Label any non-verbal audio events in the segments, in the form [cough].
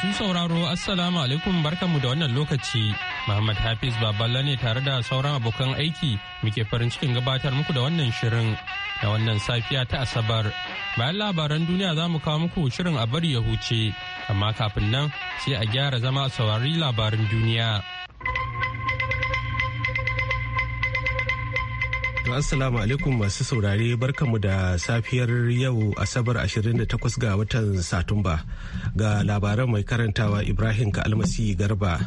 Masu sauraro Assalamu alaikum barkanmu da wannan lokaci. Muhammad Hafiz Baballa ne tare da sauran abokan aiki muke farin cikin gabatar muku da wannan shirin da wannan safiya ta Asabar. Bayan labaran duniya za mu kawo muku shirin a bari ya huce, amma kafin nan sai a gyara zama a saurari labarin duniya. To assalamu alaikum masu saurare barkamu da safiyar yau asabar 28 ga watan Satumba ga labaran mai karantawa Ibrahim ka almasi Garba.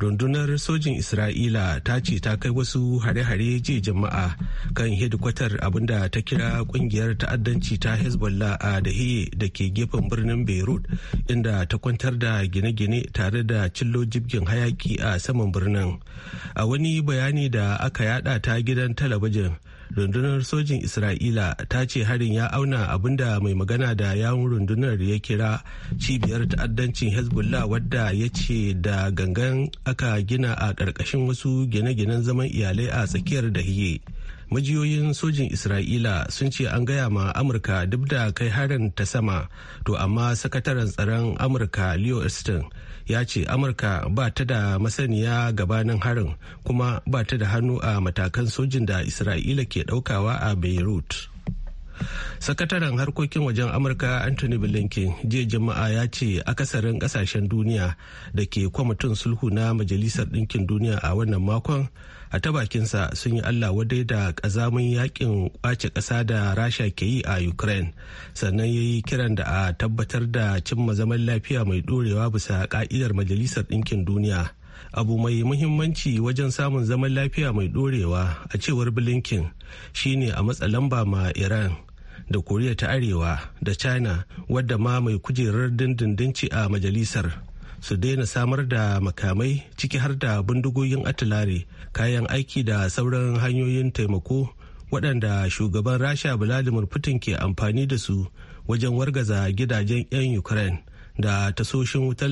rundunar sojin isra'ila ta ce ta kai wasu hare-hare jiya jama'a kan hedikwatar abinda ta kira kungiyar ta'addanci ta hezbollah a dahiye da ke gefen birnin beirut inda ta kwantar da gine-gine tare da cillo jibgin hayaki a saman birnin a wani bayani da aka yada ta gidan talabijin rundunar sojin isra'ila ta ce harin ya auna abinda mai magana da yawun rundunar ya kira cibiyar ta'addancin hezbollah wadda ya ce da gangan aka gina a ƙarƙashin wasu gine-ginen zaman iyalai a tsakiyar da hiye majiyoyin sojin isra'ila sun ce an gaya ma amurka duk da kai harin ta sama to amma sakataren tsaron amurka leo Easton ya ce amurka ba ta da masaniya gabanin harin kuma ba ta da hannu a matakan sojin da isra'ila ke daukawa a beirut sakataren harkokin wajen amurka anthony blinken jiya jama'a ya ce akasarin kasashen duniya da ke kwamitin sulhu na majalisar ɗinkin duniya a wannan makon a ta bakinsa sun yi allah wadai da ƙazamin yakin kwace ƙasa da rasha ke yi a ukraine sannan ya yi kiran da a tabbatar da cimma zaman lafiya mai ɗorewa bisa ƙa'idar majalisar ɗinkin duniya abu mai muhimmanci wajen samun zaman lafiya mai ɗorewa a cewar blinken shine a matsa lamba ma iran da koriya ta arewa da china wadda ma mai kujerar dindindin ci a majalisar su daina samar da makamai ciki har da bindigogin atilare kayan aiki da sauran hanyoyin taimako waɗanda shugaban rasha vladimir putin ke amfani da su wajen wargaza gidajen 'yan ukraine da tasoshin wutar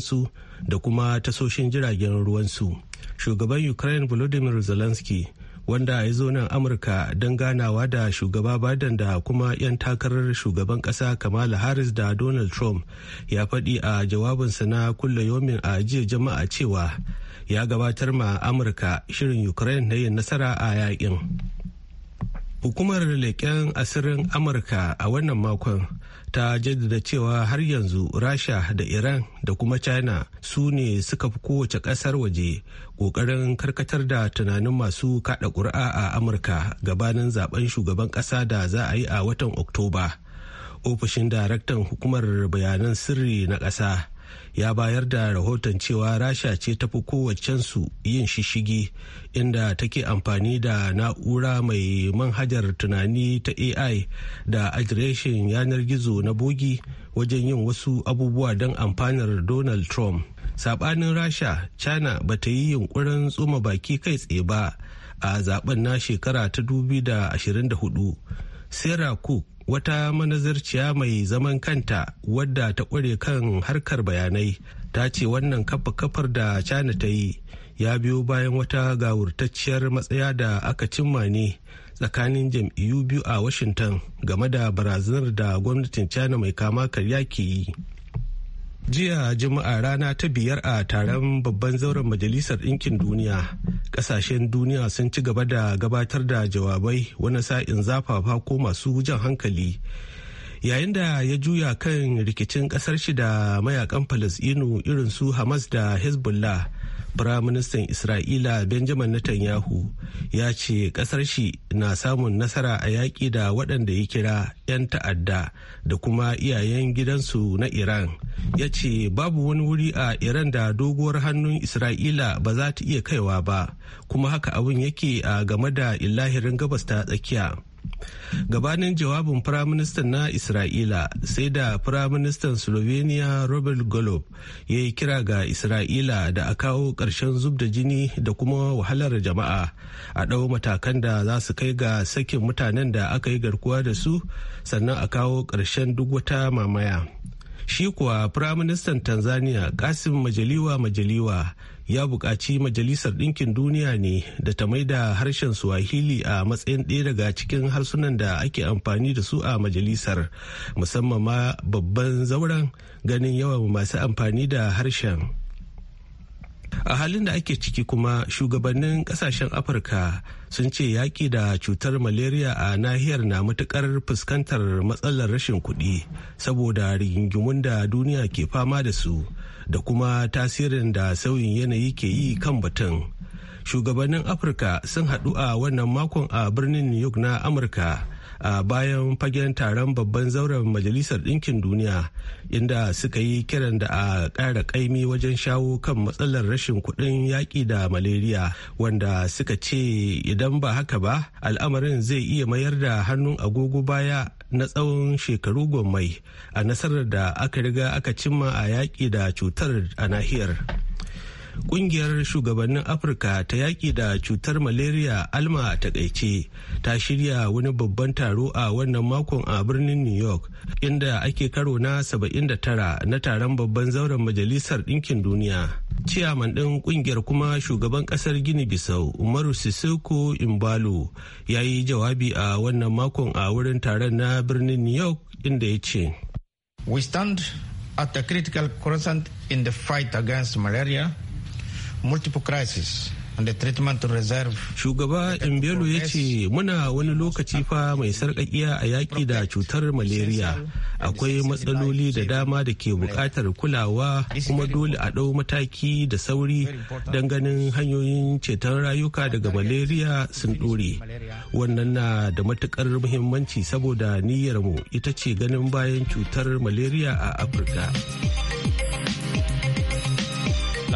su da kuma tasoshin jiragen ruwan su shugaban ukraine volodymyr zelensky wanda ya zo nan amurka don ganawa da shugaba biden da kuma 'yan takarar shugaban kasa kamala harris da donald trump ya faɗi a jawabinsa na kulle yomin a jiya jama'a cewa ya gabatar ma amurka shirin ukraine na yin nasara a yakin hukumar leƙen asirin amurka a wannan makon ta jaddada cewa har yanzu rasha da iran da kuma china su ne suka fi kowace kasar waje kokarin karkatar da tunanin masu kada ƙuri'a a amurka gabanin zaben shugaban ƙasa da za a yi a watan oktoba ofishin daraktan hukumar bayanan sirri na ƙasa ya bayar da rahoton cewa rasha ce ta fi kowaccensu yin shishigi inda take amfani da na'ura mai manhajar tunani ta ai da adireshin yanar gizo na bogi wajen yin wasu abubuwa don amfanar donald trump sabanin rasha china ba ta yi yunkurin tsuma baki kai tsaye ba a zaben na shekara ta 2024 sarah cook wata manazarciya mai zaman kanta wadda ta kware kan harkar bayanai ta ce wannan kafa kafar da china ta yi ya biyo bayan wata gawurtacciyar matsaya da aka cimma ne tsakanin jam'iyyu biyu a washington game da barazanar da gwamnatin china mai kama karya ke yi jiya juma'a rana ta biyar a taron babban zauren majalisar ɗinkin duniya ƙasashen duniya sun ci gaba da gabatar da jawabai wani sa'in zafafa ko masu jan hankali yayin da ya juya kan rikicin ƙasar shi da mayakan falasɗinu irin su hamas da hezbollah Firaministan Isra'ila Benjamin Netanyahu ya ce ƙasar shi na samun nasara a yaƙi da waɗanda ya kira 'yan ta'adda da kuma iyayen gidansu na Iran. Ya ce babu wani wuri a Iran da doguwar hannun Isra'ila ba za ta iya kaiwa ba, kuma haka abin yake a game da ilahirin gabas ta tsakiya. gabanin jawabin firaministan na isra'ila sai da firaministan slovenia robert golob ya yi kira ga isra'ila da a kawo ƙarshen zub da jini da kuma wahalar jama'a a ɗau matakan da za su kai ga sakin mutanen da aka yi garkuwa da su sannan a kawo ƙarshen duk wata mamaya shi kuwa firaministan tanzania kasim majaliwa majaliwa ya buƙaci majalisar ɗinkin duniya ne da ta maida harshen swahili a matsayin ɗaya daga cikin harsunan da ake amfani da su a majalisar musamman ma babban zauren ganin yawan masu amfani da harshen. a halin da ake ciki kuma shugabannin kasashen afirka sun ce yaƙi da cutar malaria a nahiyar na matuƙar fuskantar matsalar rashin kuɗi saboda rigingimun da duniya ke fama da su da kuma tasirin da sauyin yanayi ke yi kan batun shugabannin afirka sun haɗu a wannan makon a birnin new york na amurka a bayan fagen taron babban zauren majalisar ɗinkin duniya inda suka yi kiran da a ƙara ƙaimi wajen shawo kan matsalar rashin kuɗin yaƙi da malaria wanda suka ce idan ba haka ba al'amarin zai iya mayar da hannun agogo baya na tsawon shekaru gwammai a nasarar da aka riga aka cimma a yaƙi da cutar a nahiyar. Kungiyar shugabannin Afirka ta yaki da cutar malaria alma a takaice ta shirya wani babban taro a wannan makon a birnin New York inda ake karo na 79 na taron babban zauren majalisar ɗinkin duniya. Ciyaman ɗin kungiyar kuma shugaban ƙasar Gini Bisau Umaru Sissoko Imbalo ya yi jawabi a wannan makon a wurin taron na birnin New York inda ya ce. We stand at a critical crescent in the fight against malaria multiple the treatment reserve. Shugaba Mbelu ya ce muna wani lokaci fa mai sarƙaƙiya a yaƙi da cutar malaria akwai matsaloli da dama da ke buƙatar kulawa kuma dole a ɗau mataki da sauri don ganin hanyoyin ceton rayuka daga malaria sun ɗore. Wannan na da matuƙar muhimmanci saboda niyyarmu ita ce ganin bayan cutar malaria a Afirka.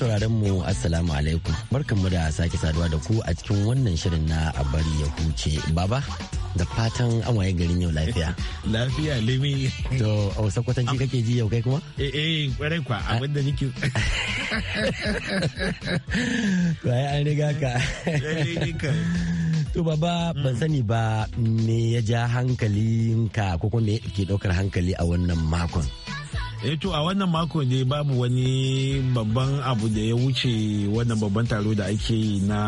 sauraron mu assalamu alaikum barkanmu da sake saduwa da ku a cikin wannan shirin na a bari ya huce baba da fatan an waye garin yau lafiya [laughs] lafiya limi to a wasu kwatanci kake ji yau kai kuma eh eh kwarai kwa abin da nake to [laughs] ai an riga ka [laughs] To baba ban sani ba me ya ja hankalinka ko kuma me ke daukar hankali a wannan makon. eh to a wannan mako ne babu wani babban abu da ya wuce wannan babban taro da ake yi na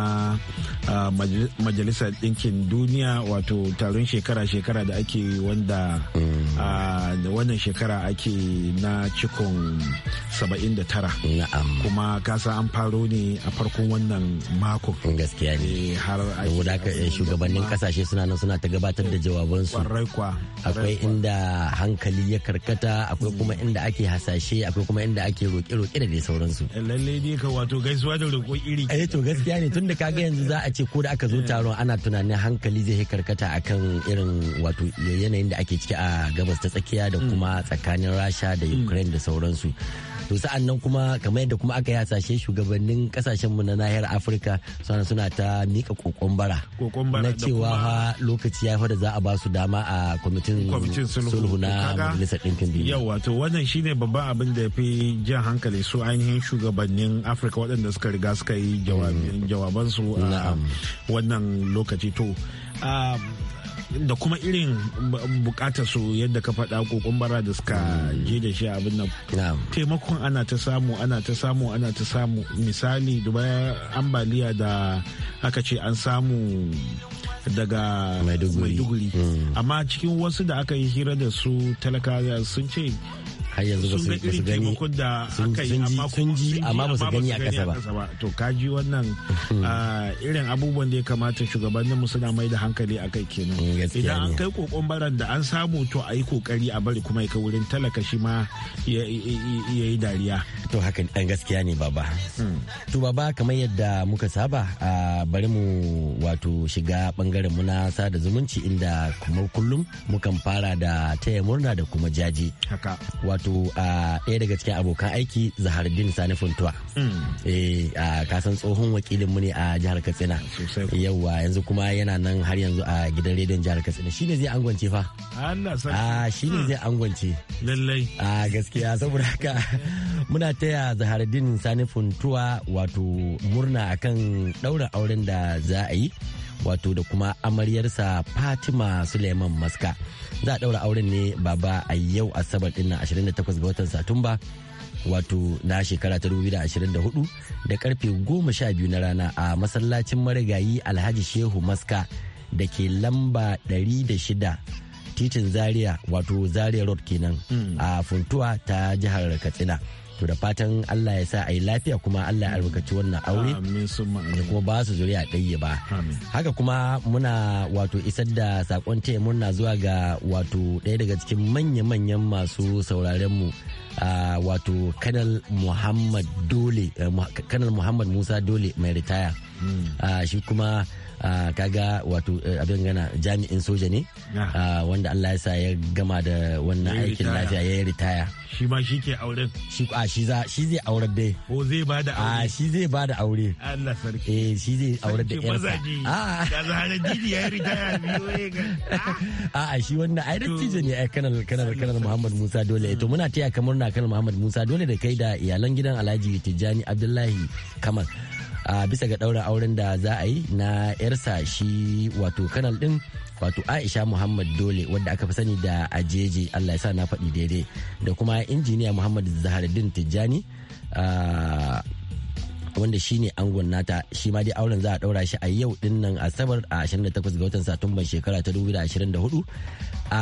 majalisar ɗinkin duniya wato taron shekara-shekara da ake wanda mm. Ah, da wannan shekara ake na cikon 79 kuma kasa an faro ne a farkon wannan mako. gaskiya ne eh, har eh, shugabannin kasashe suna nan suna ta gabatar da jawabansu akwai inda hankali ya karkata akwai kuma hmm. inda ake hasashe akwai kuma inda ake roƙe-roƙe da dai sauransu eh, lallai ne ka wato gaisuwa da roƙo iri eh to gaskiya ne tun da kaga yanzu za a ce ko da aka zo taron ana tunanin hankali zai karkata akan irin wato yanayin da ake ciki a gabas ta tsakiya da kuma tsakanin rasha da ukraine da sauransu to sa'an nan kuma kamar yadda kuma aka yi shi shugabannin kasashen mu na nahiyar afirka suna suna ta mika kokon bara na cewa lokaci ya da za a ba su dama a kwamitin sulhu na majalisar ɗinkin duniya yau wato wannan shine babban abin da ya fi jan hankali su ainihin shugabannin afirka waɗanda suka riga suka yi mm. jawabansu a wannan lokaci to ah, da kuma irin bukatar su yadda ka faɗa kokon bara da suka je da shi abin nan taimakon ana ta samu ana ta samu ana ta samu misali baya ambaliya da aka ce an samu daga maiduguri hmm. amma cikin wasu da aka yi hira da su talaka sun ce har yanzu ba su gani sun ji amma ba su gani a kasa ba to kaji wannan hmm. ah, irin abubuwan da ya kamata shugabannin mu suna mai da hankali a kai kenan hmm, idan an kai kokon baran da an samu to a yi kokari a bari kuma ya wurin talaka shi ma ya yi dariya to haka an gaskiya ne baba hmm. to baba kamar yadda muka saba ah, bari mu wato shiga bangaren mu na sada zumunci inda kuma kullum mukan fara da taya murna da kuma jaji haka wato a ɗaya daga cikin abokan aiki zahar din Sani Funtuwa. Hmm. Eh, a kasan tsohon wakilin mu ne a jihar Katsina. yauwa yanzu kuma yana nan har yanzu a gidan rediyon jihar Katsina. Shi ne zai angwance fa? a shi ne hmm. zai angwance. Lallai. A gaskiya saboda haka [laughs] muna taya din Sani Funtuwa wato murna akan ɗaura auren da za a yi wato da kuma amaryarsa Fatima Suleiman Maska. za a ɗaura auren ne baba a yau asabar din 28 ga watan satumba wato na shekara ta 2024 da karfe 12 na rana a masallacin marigayi alhaji shehu maska da ke lamba 106 titin zaria wato zaria road kenan hmm. a funtuwa ta jihar katsina to da fatan Allah ya sa a yi lafiya kuma Allah ya albarkaci wannan aure da kuma ba su zuriya ɗaya ba haka kuma muna wato isar da sakon taya murna zuwa ga wato ɗaya daga cikin manya-manyan masu sauraren mu wato kanal muhammad dole eh, kanal muhammad musa dole mai ritaya hmm. shi kuma Ah, kaga wato eh, abin gana jami'in soja ne ah, wanda Allah ya sa ya gama da wannan aikin lafiya ya yi ritaya shi ma shi ke auren shi a ah, shi za shi zai aurar dai ko zai ba da aure a shi zai ba da aure Allah sarki eh shi zai aurar da yarsa a da zahara didi ya ritaya biyo a a shi wannan ai dattijo ne ai kanal kanal kanal Muhammad Musa dole eh, to muna taya kamar na kanal Muhammad Musa dole da kai da iyalan gidan Alhaji Tijjani Abdullahi Kamal a bisa ga ɗaurin auren da za a yi na yarsa shi wato kanal ɗin wato aisha muhammad dole wadda aka fi sani da ajeje allah ya sa na faɗi daidai da kuma injiniya muhammad zaharuddin tijjani wanda shi ne angon nata shi ma dai auren za a daura shi a yau din asabar a 28 ga watan satumban shekara ta 2024 a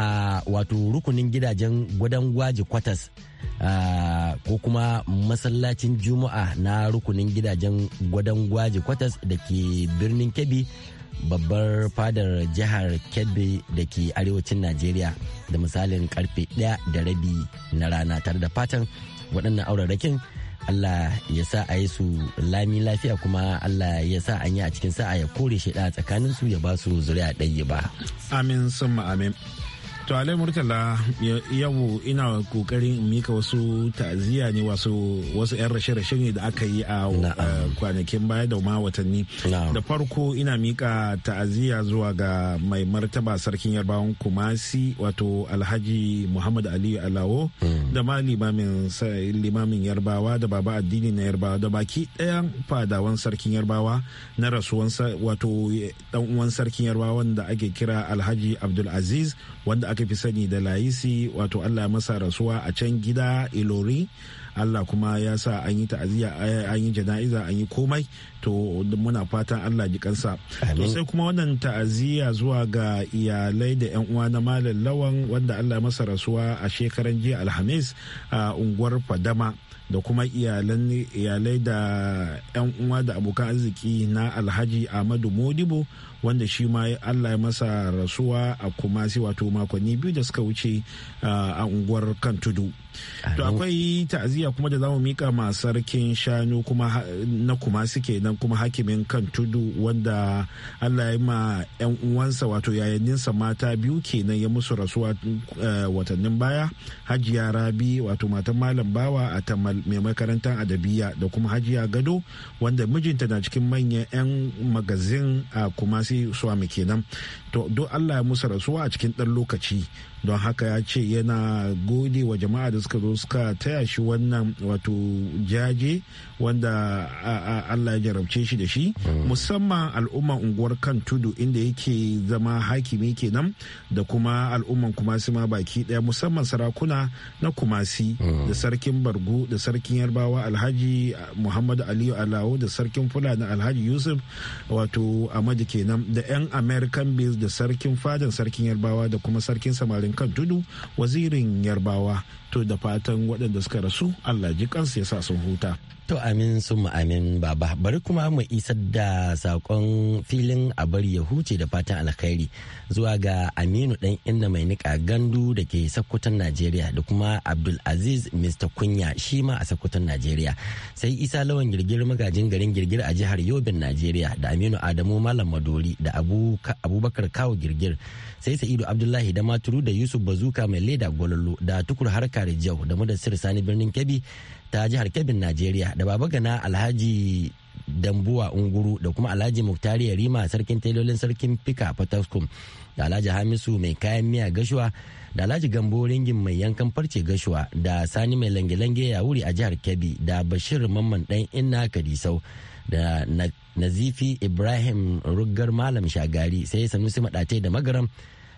wato rukunin gidajen gudan gwaji kwatas ko kuma masallacin juma'a na rukunin gidajen gudan gwaji kwatas da ke birnin kebbi babbar fadar jihar kebbi da ke arewacin najeriya da misalin karfe 1 da rabi na rana tare da fatan waɗannan aurarrakin Allah ya sa a yi su lami lafiya kuma Allah ya sa an yi a cikin sa'a ya kore shi tsakanin su ya ba su zuriya ɗaya ba. Amin sun amin. to alai murtala yau ina kokarin in mika wasu ta'aziyya ne wasu wasu yan rashe-rashe ne da aka yi a eh, kwanakin baya da ma watanni da farko ina mika ta'aziyya zuwa ga mai martaba sarkin yarbawan kumasi wato alhaji muhammad aliyu alawo hmm. da ma limamin yarbawa da baba addini na yarbawa da baki ɗayan fadawan sarkin yarbawa na rasuwan wato ɗan uwan sarkin yarbawa wanda ake kira alhaji abdulaziz wanda aka fi sani da layisi wato allah masa rasuwa a can gida ilori allah kuma ya sa an yi ta'aziyya an yi jana'iza an yi komai to muna fatan allah ji kansa to sai kuma wannan ta'aziyya zuwa ga iyalai da yan uwa na malam lawan wanda allah ya masa rasuwa a shekaran jiya alhamis a unguwar fadama da kuma iyalai da 'yan uwa da abokan arziki na alhaji ahmadu modibo wanda shi ma allah ya masa rasuwa a kumasi wato makonni biyu da suka wuce a unguwar kan tudu to akwai ta'aziyya kuma da zamu mika ma sarkin shanu kuma na kuma suke nan kuma hakimin kan tudu wanda Allah ya ma yan uwansa wato yayaninsa mata biyu kenan ya musu rasuwa eh, watannin baya hajiya rabi wato matan malam bawa a tamal mai makarantar adabiya da kuma hajiya gado wanda mijinta na cikin manyan yan magazin a kuma su kenan to don Allah ya musu rasuwa a cikin ɗan lokaci don haka ya ce yana gode wa jama'a da suka zo suka taya shi wannan wato jaje wanda allah ya jarabce shi da shi mm. musamman al'umman unguwar kan tudu inda yake zama hakimi kenan da kuma al'umman kumasi ma baki daya musamman sarakuna na kumasi mm. da sarkin bargu da sarkin yarbawa alhaji muhammadu aliyu alawo da sarkin fulani alhaji yusuf wato amadu kenan da 'yan american base da sarkin fadan sarkin yarbawa da kuma sarkin samarin garin kan tudu wazirin yarbawa to da fatan waɗanda suka rasu allah ji kansu ya sa sun huta To amin sun amin baba bari kuma mu isa da sakon filin a bari ya huce da fatan alkhairi zuwa ga Aminu dan inda mai nika gandu da ke sakkutan Najeriya da kuma Abdul Aziz Mr. Kunya shi ma a sakkutan Najeriya sai Isa Lawan girgir magajin garin girgir a jihar Yobin Najeriya da Aminu Adamu Malam Madori da Abubakar Kawo girgir sai Sa'idu Abdullahi da Maturu da Yusuf Bazuka mai leda gwalallo da tukur harka jau da Mudassir Sani birnin Kebbi ta jihar Kebbin Najeriya da Baba Gana Alhaji Dambuwa Unguru da kuma Alhaji Muktari Yarima sarkin telolin sarkin Fika Fataskum da Alhaji Hamisu mai kayan miya gashuwa da Alhaji Gambo ringin mai yankan farce gashuwa da Sani mai lange-lange ya wuri a jihar Kebbi da Bashir Mamman dan Inna Kadisau da Nazifi Ibrahim rugar Malam Shagari sai Sanusi Maɗate da Magaram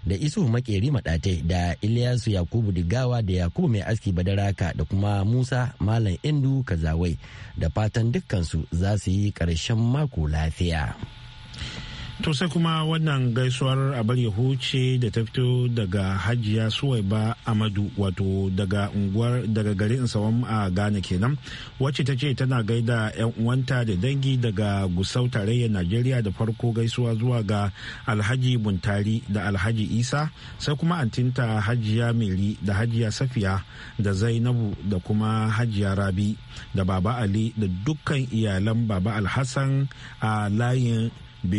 da isu makeri maɗatai da iliyasu yakubu digawa da yakubu mai aski badaraka da kuma musa malam indu kazawai da fatan dukkansu za su yi ƙarshen mako lafiya. to sai kuma wannan gaisuwar abar ya huce da ta fito daga hajiya suwaiba amadu wato daga unguwar daga a ghana kenan wacce ta ce tana gaida yan uwanta da dangi daga gusau tarayyar najeriya da farko gaisuwa zuwa ga alhaji buntari da alhaji isa sai kuma antinta hajiya meri da hajiya safiya da zainabu da kuma hajiya rabi da baba ali da dukkan iyalan baba alhassan a layin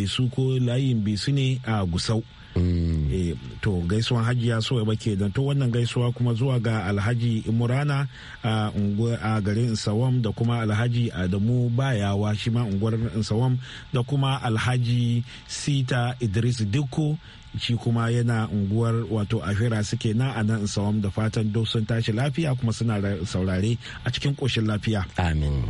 su ko layin besu ne a gusau mm. eh, to gaisuwan ya so ba bake don to wannan gaisuwa kuma zuwa ga alhaji murana a garin sawam da kuma alhaji adamu bayawa shi ma unguwar sawam da kuma alhaji sita idris dukko shi kuma yana unguwar wato afira suke na a nan sawam da fatan sun tashi lafiya kuma suna saurare a cikin koshin lafiya amin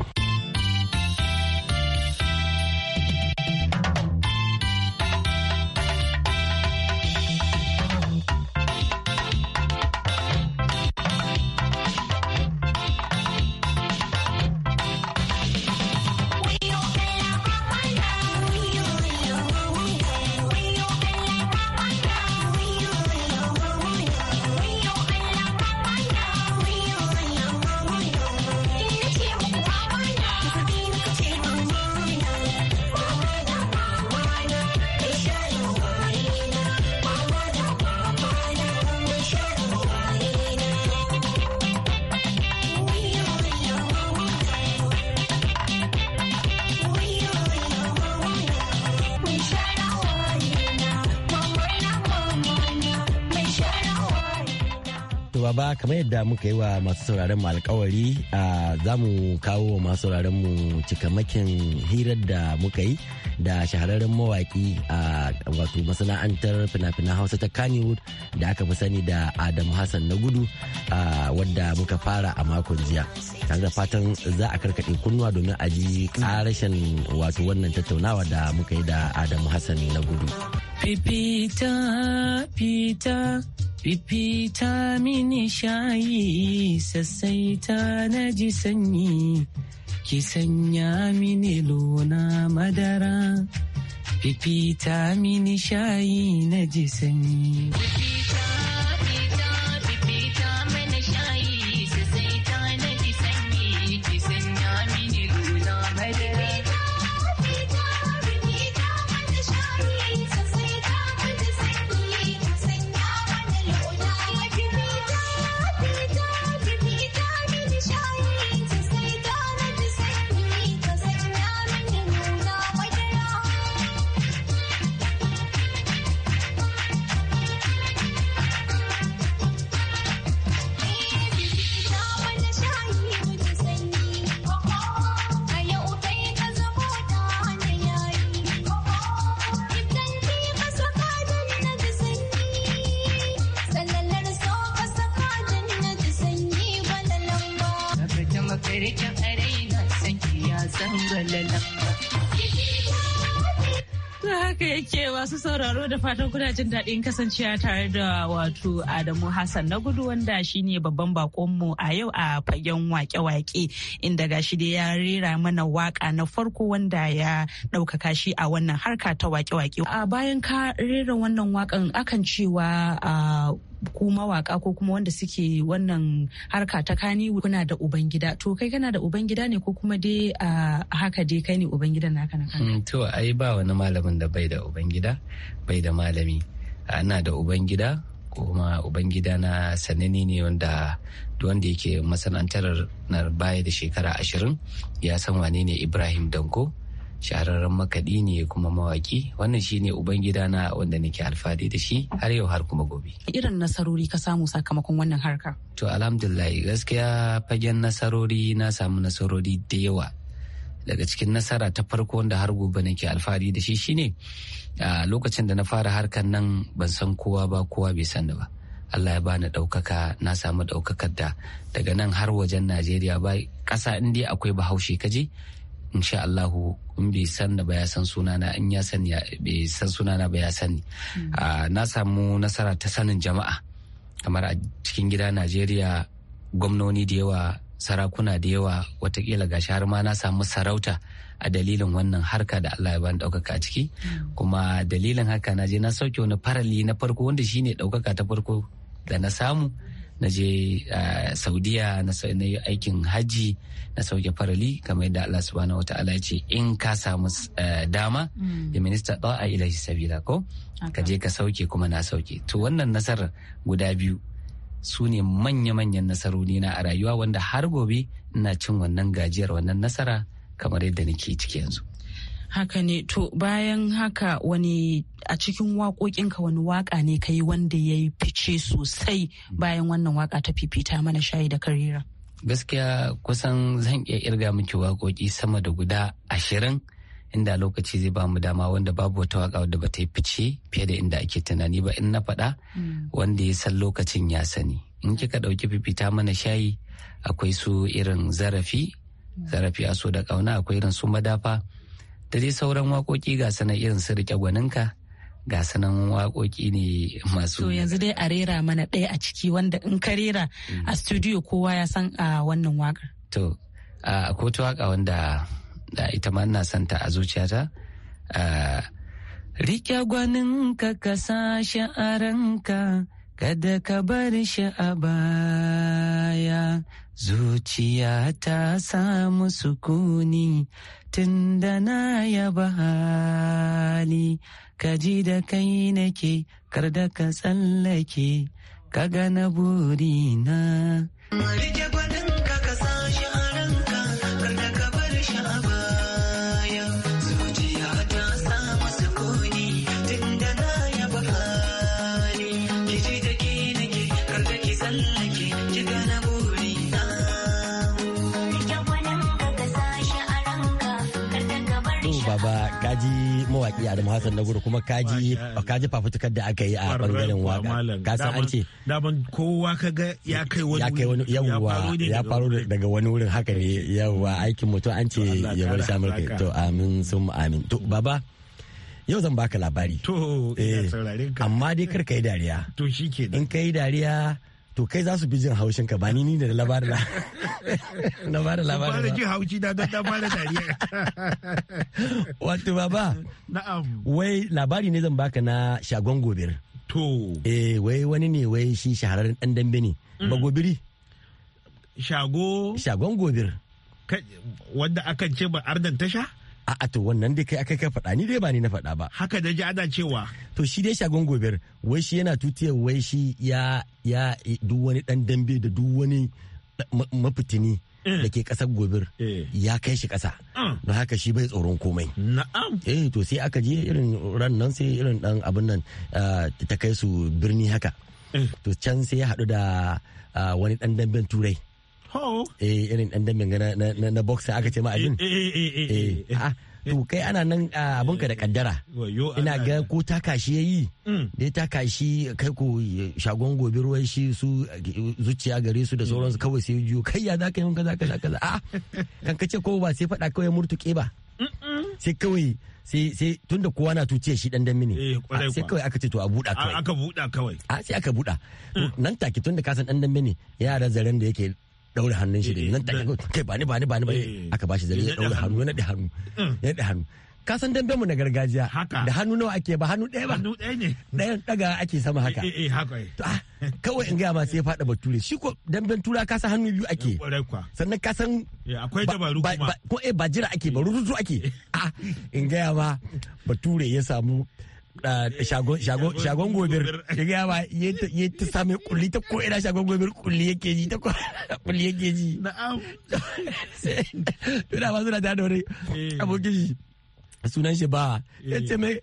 to baba kamar yadda muka yi wa masu sauraron mu alkawari a zamu kawo wa masu sauraron mu cikamakin hirar da muka yi da shahararren mawaki a wato masana'antar fina-finan hausa ta kannywood da aka fi sani da adam hassan na gudu wadda muka fara a makon jiya tare da fatan za a karkaɗe kunnuwa domin a ji ƙarashen wato wannan tattaunawa da muka yi da Adamu Hassan na gudu. Fifita, fita, fifita mini shayi, sassaita na ji sanyi, ki sanya mini lona madara. Fifita mini shayi na ji sanyi. sauraro da fatan kuna jin daɗin kasancewa tare da wato Adamu Hassan na gudu wanda shine babban bakonmu a yau a fagen wake-wake inda gashi dai ya rera mana waka na farko wanda ya ɗaukaka shi a wannan harka ta wake-wake. A bayan ka rera wannan wakan akan cewa ah, ku mawaka ko kuma wanda suke wannan harka ta kani kuna da ubangida to kai kana da ubangida ne ko kuma dai a haka dai kai ne ubangida na kana. Mm, to ai ba wani malamin da bai da ubangida bai da malami ana da ubangida kuma ubangida na sanani ne wanda wanda yake masana'antar na baya da shekara ashirin ya san wane ne ibrahim danko shahararren makaɗi ne kuma mawaki wannan shine ubangida na wanda nake alfahari da shi har yau har kuma gobe irin nasarori ka samu sakamakon wannan harka to alhamdulillah gaskiya fagen nasarori na samu nasarori da yawa daga cikin nasara ta farko wanda har gobe nake alfahari da shi shine a lokacin da na fara harkar nan ban san kowa ba kowa bai san ba Allah ya bani ɗaukaka na samu ɗaukakar da daga nan har wajen Najeriya ba ƙasa in akwai bahaushe kaje insha Allahu in bai san da ba ya san sunana in ya san bai san sunana ba ya sani hmm. ah, na samu nasara ta sanin jama'a kamar a cikin gida Najeriya gwamnoni da yawa sarakuna da yawa watakila gashi har ma na samu sarauta a dalilin wannan harka da Allah ya bani daukaka a ciki hmm. kuma dalilin haka na je na sauke wani farali na farko wanda shine daukaka ta farko da na samu na je saudiya na yi aikin hajji na sauke farali kamar yadda allah subhanahu wa ta'ala ce in ka samu dama da mm. minista a ilahi sabila ko ka je ka sauke kuma na sauke to wannan nasarar guda biyu su ne manya-manyan nasarori na a rayuwa wanda har gobe ina cin wannan gajiyar wannan nasara kamar yadda nake ciki yanzu haka ne to bayan haka wani a cikin ka wani waka ne ka yi wanda ya yi fice sosai bayan wannan waka ta fifita mana shayi da karira gaskiya kusan zan iya irga miki waƙoƙi sama da guda ashirin inda lokaci zai bamu dama wanda babu wata waka wadda ba ta yi fice fiye da inda ake tunani ba in na faɗa mm. wanda ya san lokacin ya sani in kika ɗauki fifita mana shayi akwai su irin zarafi mm. zarafi a da ƙauna akwai irin su madafa da dai sauran waƙoƙi ga sanar irin su riƙe gwaninka ga sanan waƙoƙi ne masu to yanzu dai a rera mana ɗaya a ciki wanda in ka rera mm. a studio kowa ya san a wannan waƙar to a ko ta waƙa wanda da ita ma ina son ta a zuciyata riƙe gwaninka ka sa sha'aranka kada ka bar shi a baya Zuciya ta samu sukuni tun da na yaba hali, ka ji da kai nake kar da ka tsallake, ka gana burina. Hassan Naguru kuma kaji kaji fafutukar da aka yi a bangaren waka ka san an ce daban kowa kaga ya kai wani ya kai wani yawa ya faru daga wani wurin haka ne yawa aikin mutum an ce ya bar shamar kai to amin sun amin to baba yau zan baka labari to eh, amma dai kar ka yi dariya to shike in ka yi dariya to kai za su bi jin haushin ka ba ni ni da na ba da [laughs] na ba da labarin ba jin haushi da don da dariya [laughs] wato baba na'am wai labari ne zan baka na shagon gobir to eh wai wani ne wai shi shahararren dan dambe ne mm. ba gobiri shago shagon gobir wanda akan ce ba ardan tasha a'a to wannan dai kai aka kai faɗa ni dai ba ni na faɗa ba haka da ji ada cewa to shi dai shagon gobir wai shi yana tutiya wai shi ya ya eh, duk wani dan dambe da duk wani eh, mafitini eh. da ke kasar gobir ya kai shi kasa mm. don haka shi bai tsoron komai na'am eh to sai aka je irin ran nan sai irin dan abin nan ta kai su birni haka to can sai ya haɗu da wani dan damben turai eh irin dan damin na na boxer aka ce ma abin eh, eh, eh, ah, to kai ana nan ah, abinka da kaddara ina ga ko ta kashi ya da mm. dai ta kashi kai ko shagon gobe ruwan shi su zuciya gare su da sauransu kawai sai juyo kai ya za ka yi mun kaza kaza kaza a ah, kan kace ko ba sai faɗa kawai murtuƙe ba sai kawai sai sai tunda kowa na tuce shi dan dambe ne sai kawai aka ce to a buɗa kawai aka buɗa kawai a sai aka buɗa mm. nan take tunda ka san dan dambe ne yara zaren da yake daure hannun shi da eh, nan take eh. kai ba ni ba ni ba ni ba eh, aka bashi zare ya daure hannu ya nade hannu mm. ya nade hannu ka san dambe mu na gargajiya da hannu nawa ake ba hannu ɗaya ba hannu ɗaya ne ɗayan daga ake sama haka eh eh haka ah, kawai in gaya ma sai ya ba bature shi ko damben tura ka san hannu biyu ake sannan ka san akwai dabaru kuma ko eh ba jira ake ba rurutu ake ah, in gaya ma bature ya samu shagon gobir da gaya ba ya ta sami kulli ta ko ina shagon gobir kulli yake ji ta [laughs] kulli yake ji na'am [laughs] tuna ba suna ta da wani eh. abokin shi sunan shi ba ya eh. ce mai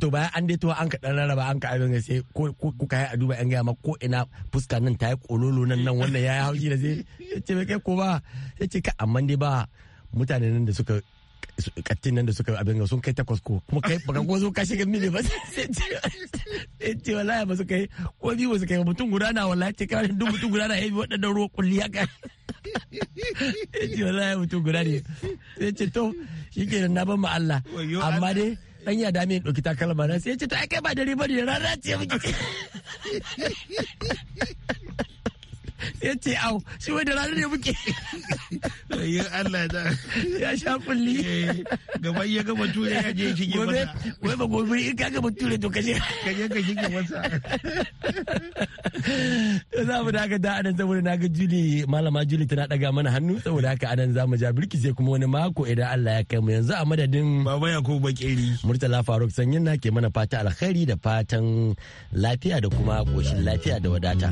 to bayan an daito an ka dan raba an ka abin ga sai ko ku kai a duba an gaya ma ko ina fuska nan ta yi kololo nan nan wannan ya yi haushi da sai ya ce mai kai ko ba ya ce ka amma dai ba mutanen nan da suka kattin nan da suka abin sun kai takwas ko kuma kai baka ko zo ka shiga mini ba sai ce wallahi ba su kai ko bi ba su kai mutum guda na wallahi ce kai duk mutum guda na yabi waɗannan ruwa kulli haka sai ce wallahi mutum guda ne sai ce to shikenan na ban ma Allah amma dai dan ya dame in ɗauki takalma na sai ce to ai kai ba dare ba ne rana ce muke ya ce au shi wai da rana ne muke yin Allah da ya sha kulli eh, gaban ya gama tura ya je shige masa wai ba gobe in ka gama tura to kaje kaje ka shige masa za mu daga da anan saboda na ga Juli malama Juli tana daga mana hannu saboda haka anan za mu ja birki sai kuma wani mako idan Allah ya kai mu yanzu a madadin Baba Yakubu Bakeri Murtala Faruk Sanyin na ke mana fata alkhairi da fatan lafiya da kuma koshin lafiya da wadata.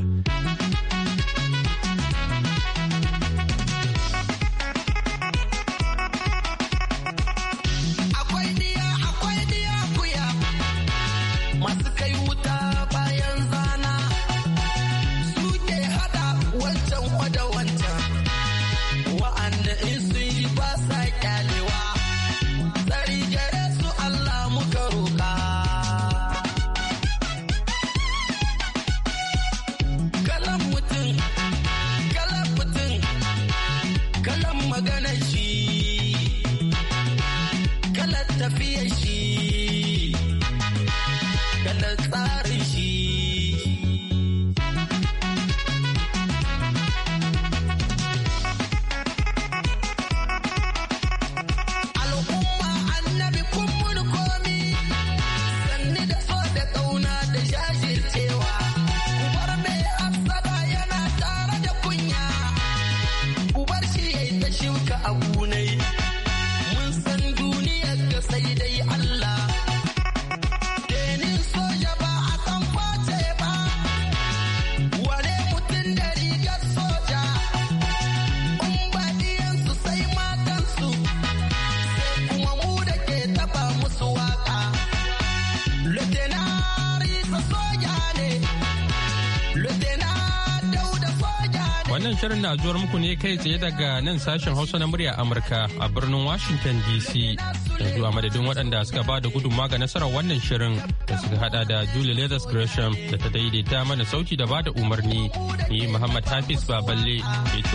shirin na zuwar muku ne kai tsaye daga nan sashen Hausa na murya Amurka a birnin Washington DC. Yanzu a madadin waɗanda suka ba da gudun ga nasarar wannan shirin da suka hada da Julie Leathers Gresham da ta daidaita mana sauti da ba da umarni. Ni Muhammad Hafiz Baballe